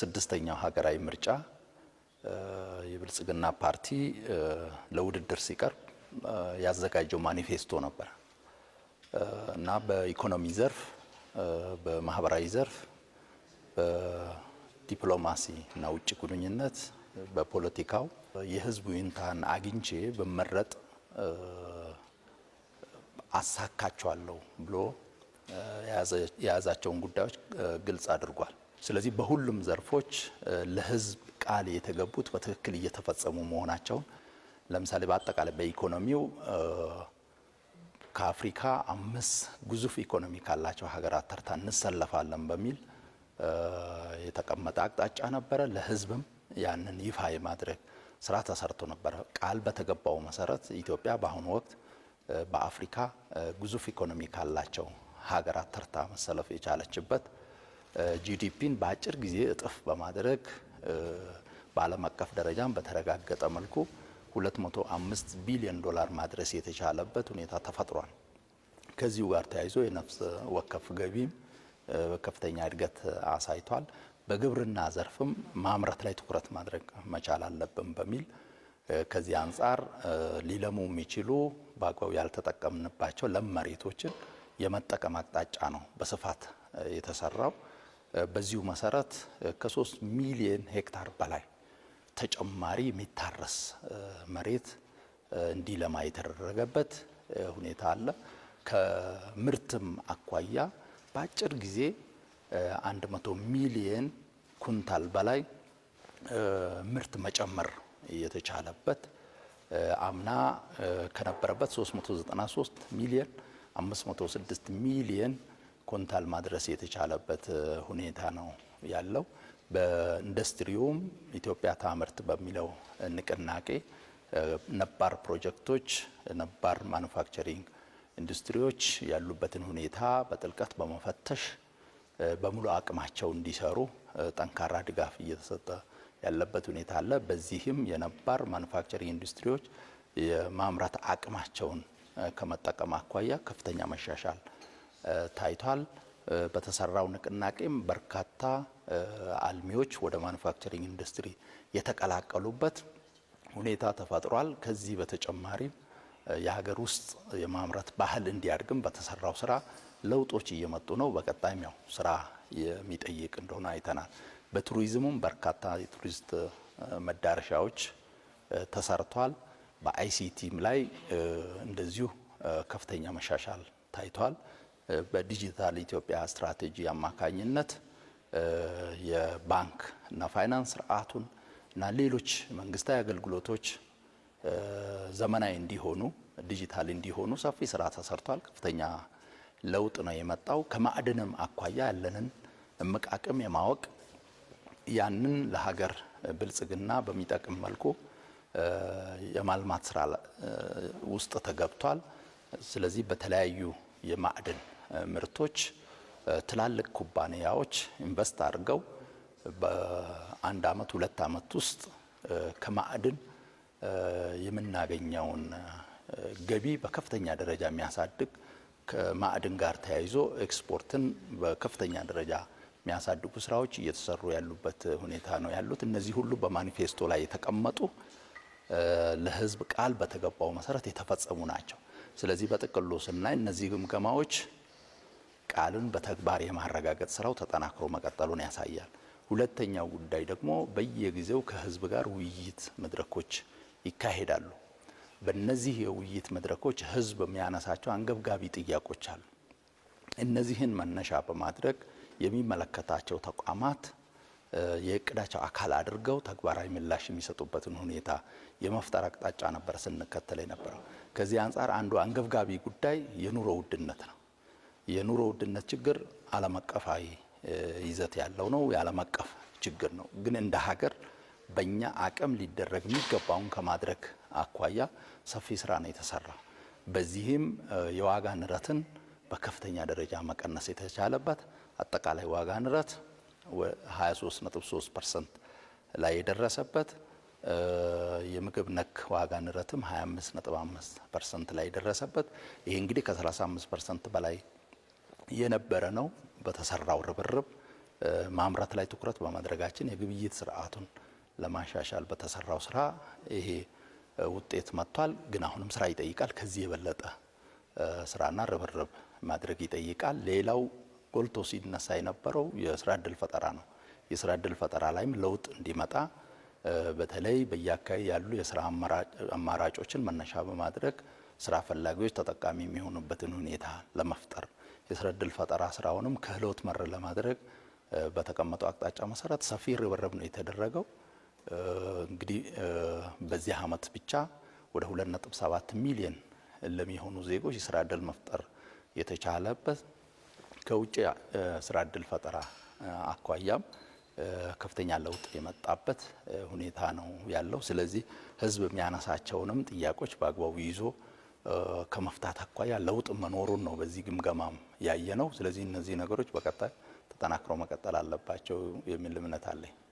ስድስተኛው ሀገራዊ ምርጫ የብልጽግና ፓርቲ ለውድድር ሲቀርብ ያዘጋጀው ማኒፌስቶ ነበር እና በኢኮኖሚ ዘርፍ፣ በማህበራዊ ዘርፍ፣ በዲፕሎማሲ እና ውጭ ግንኙነት፣ በፖለቲካው የህዝቡ ይሁንታን አግኝቼ በመረጥ አሳካቸዋለሁ ብሎ የያዛቸውን ጉዳዮች ግልጽ አድርጓል። ስለዚህ በሁሉም ዘርፎች ለህዝብ ቃል የተገቡት በትክክል እየተፈጸሙ መሆናቸውን ለምሳሌ በአጠቃላይ በኢኮኖሚው ከአፍሪካ አምስት ግዙፍ ኢኮኖሚ ካላቸው ሀገራት ተርታ እንሰለፋለን በሚል የተቀመጠ አቅጣጫ ነበረ። ለህዝብም ያንን ይፋ የማድረግ ስራ ተሰርቶ ነበረ። ቃል በተገባው መሰረት ኢትዮጵያ በአሁኑ ወቅት በአፍሪካ ግዙፍ ኢኮኖሚ ካላቸው ሀገራት ተርታ መሰለፍ የቻለችበት ጂዲፒን በአጭር ጊዜ እጥፍ በማድረግ በዓለም አቀፍ ደረጃም በተረጋገጠ መልኩ 205 ቢሊዮን ዶላር ማድረስ የተቻለበት ሁኔታ ተፈጥሯል። ከዚሁ ጋር ተያይዞ የነፍስ ወከፍ ገቢም በከፍተኛ እድገት አሳይቷል። በግብርና ዘርፍም ማምረት ላይ ትኩረት ማድረግ መቻል አለብን በሚል ከዚህ አንጻር ሊለሙ የሚችሉ በአግባቡ ያልተጠቀምንባቸው ለም መሬቶችን የመጠቀም አቅጣጫ ነው በስፋት የተሰራው። በዚሁ መሰረት ከሶስት ሚሊየን ሄክታር በላይ ተጨማሪ የሚታረስ መሬት እንዲለማ የተደረገበት ሁኔታ አለ። ከምርትም አኳያ በአጭር ጊዜ 100 መቶ ሚሊየን ኩንታል በላይ ምርት መጨመር የተቻለበት አምና ከነበረበት 393 ሚሊየን 506 ሚሊየን ኮንታል ማድረስ የተቻለበት ሁኔታ ነው ያለው። በኢንዱስትሪውም ኢትዮጵያ ታምርት በሚለው ንቅናቄ ነባር ፕሮጀክቶች፣ ነባር ማኑፋክቸሪንግ ኢንዱስትሪዎች ያሉበትን ሁኔታ በጥልቀት በመፈተሽ በሙሉ አቅማቸው እንዲሰሩ ጠንካራ ድጋፍ እየተሰጠ ያለበት ሁኔታ አለ። በዚህም የነባር ማኑፋክቸሪንግ ኢንዱስትሪዎች የማምረት አቅማቸውን ከመጠቀም አኳያ ከፍተኛ መሻሻል ታይቷል። በተሰራው ንቅናቄም በርካታ አልሚዎች ወደ ማኑፋክቸሪንግ ኢንዱስትሪ የተቀላቀሉበት ሁኔታ ተፈጥሯል። ከዚህ በተጨማሪ የሀገር ውስጥ የማምረት ባህል እንዲያድግም በተሰራው ስራ ለውጦች እየመጡ ነው። በቀጣይም ያው ስራ የሚጠይቅ እንደሆነ አይተናል። በቱሪዝሙም በርካታ የቱሪስት መዳረሻዎች ተሰርቷል። በአይሲቲም ላይ እንደዚሁ ከፍተኛ መሻሻል ታይቷል። በዲጂታል ኢትዮጵያ ስትራቴጂ አማካኝነት የባንክ እና ፋይናንስ ስርዓቱን እና ሌሎች መንግስታዊ አገልግሎቶች ዘመናዊ እንዲሆኑ ዲጂታል እንዲሆኑ ሰፊ ስራ ተሰርቷል። ከፍተኛ ለውጥ ነው የመጣው። ከማዕድንም አኳያ ያለንን እምቅ አቅም የማወቅ ያንን ለሀገር ብልጽግና በሚጠቅም መልኩ የማልማት ስራ ውስጥ ተገብቷል። ስለዚህ በተለያዩ የማዕድን ምርቶች ትላልቅ ኩባንያዎች ኢንቨስት አድርገው በአንድ አመት ሁለት አመት ውስጥ ከማዕድን የምናገኘውን ገቢ በከፍተኛ ደረጃ የሚያሳድግ ከማዕድን ጋር ተያይዞ ኤክስፖርትን በከፍተኛ ደረጃ የሚያሳድጉ ስራዎች እየተሰሩ ያሉበት ሁኔታ ነው ያሉት። እነዚህ ሁሉ በማኒፌስቶ ላይ የተቀመጡ ለህዝብ ቃል በተገባው መሰረት የተፈጸሙ ናቸው። ስለዚህ በጥቅሉ ስናይ እነዚህ ግምገማዎች ቃልን በተግባር የማረጋገጥ ስራው ተጠናክሮ መቀጠሉን ያሳያል። ሁለተኛው ጉዳይ ደግሞ በየጊዜው ከህዝብ ጋር ውይይት መድረኮች ይካሄዳሉ። በእነዚህ የውይይት መድረኮች ህዝብ የሚያነሳቸው አንገብጋቢ ጥያቄዎች አሉ። እነዚህን መነሻ በማድረግ የሚመለከታቸው ተቋማት የእቅዳቸው አካል አድርገው ተግባራዊ ምላሽ የሚሰጡበትን ሁኔታ የመፍጠር አቅጣጫ ነበር ስንከተል የነበረው። ከዚህ አንጻር አንዱ አንገብጋቢ ጉዳይ የኑሮ ውድነት ነው። የኑሮ ውድነት ችግር ዓለም አቀፋዊ ይዘት ያለው ነው። የዓለም አቀፍ ችግር ነው። ግን እንደ ሀገር በእኛ አቅም ሊደረግ የሚገባውን ከማድረግ አኳያ ሰፊ ስራ ነው የተሰራ። በዚህም የዋጋ ንረትን በከፍተኛ ደረጃ መቀነስ የተቻለበት አጠቃላይ ዋጋ ንረት 23.3 ፐርሰንት ላይ የደረሰበት የምግብ ነክ ዋጋ ንረትም 25.5 ፐርሰንት ላይ የደረሰበት ይህ እንግዲህ ከ35 ፐርሰንት በላይ የነበረ ነው። በተሰራው ርብርብ ማምረት ላይ ትኩረት በማድረጋችን የግብይት ስርዓቱን ለማሻሻል በተሰራው ስራ ይሄ ውጤት መጥቷል። ግን አሁንም ስራ ይጠይቃል። ከዚህ የበለጠ ስራና ርብርብ ማድረግ ይጠይቃል። ሌላው ጎልቶ ሲነሳ የነበረው የስራ እድል ፈጠራ ነው። የስራ እድል ፈጠራ ላይም ለውጥ እንዲመጣ በተለይ በየአካባቢ ያሉ የስራ አማራጮችን መነሻ በማድረግ ስራ ፈላጊዎች ተጠቃሚ የሚሆኑበትን ሁኔታ ለመፍጠር የስራ እድል ፈጠራ ስራውንም ክህሎት መር ለማድረግ በተቀመጠው አቅጣጫ መሰረት ሰፊ ርብርብ ነው የተደረገው። እንግዲህ በዚህ አመት ብቻ ወደ 2.7 ሚሊዮን ለሚሆኑ ዜጎች የስራ እድል መፍጠር የተቻለበት ከውጭ ስራ እድል ፈጠራ አኳያም ከፍተኛ ለውጥ የመጣበት ሁኔታ ነው ያለው። ስለዚህ ህዝብ የሚያነሳቸውንም ጥያቄዎች በአግባቡ ይዞ ከመፍታት አኳያ ለውጥ መኖሩን ነው በዚህ ግምገማም ያየ ነው። ስለዚህ እነዚህ ነገሮች በቀጣይ ተጠናክረው መቀጠል አለባቸው የሚል እምነት አለኝ።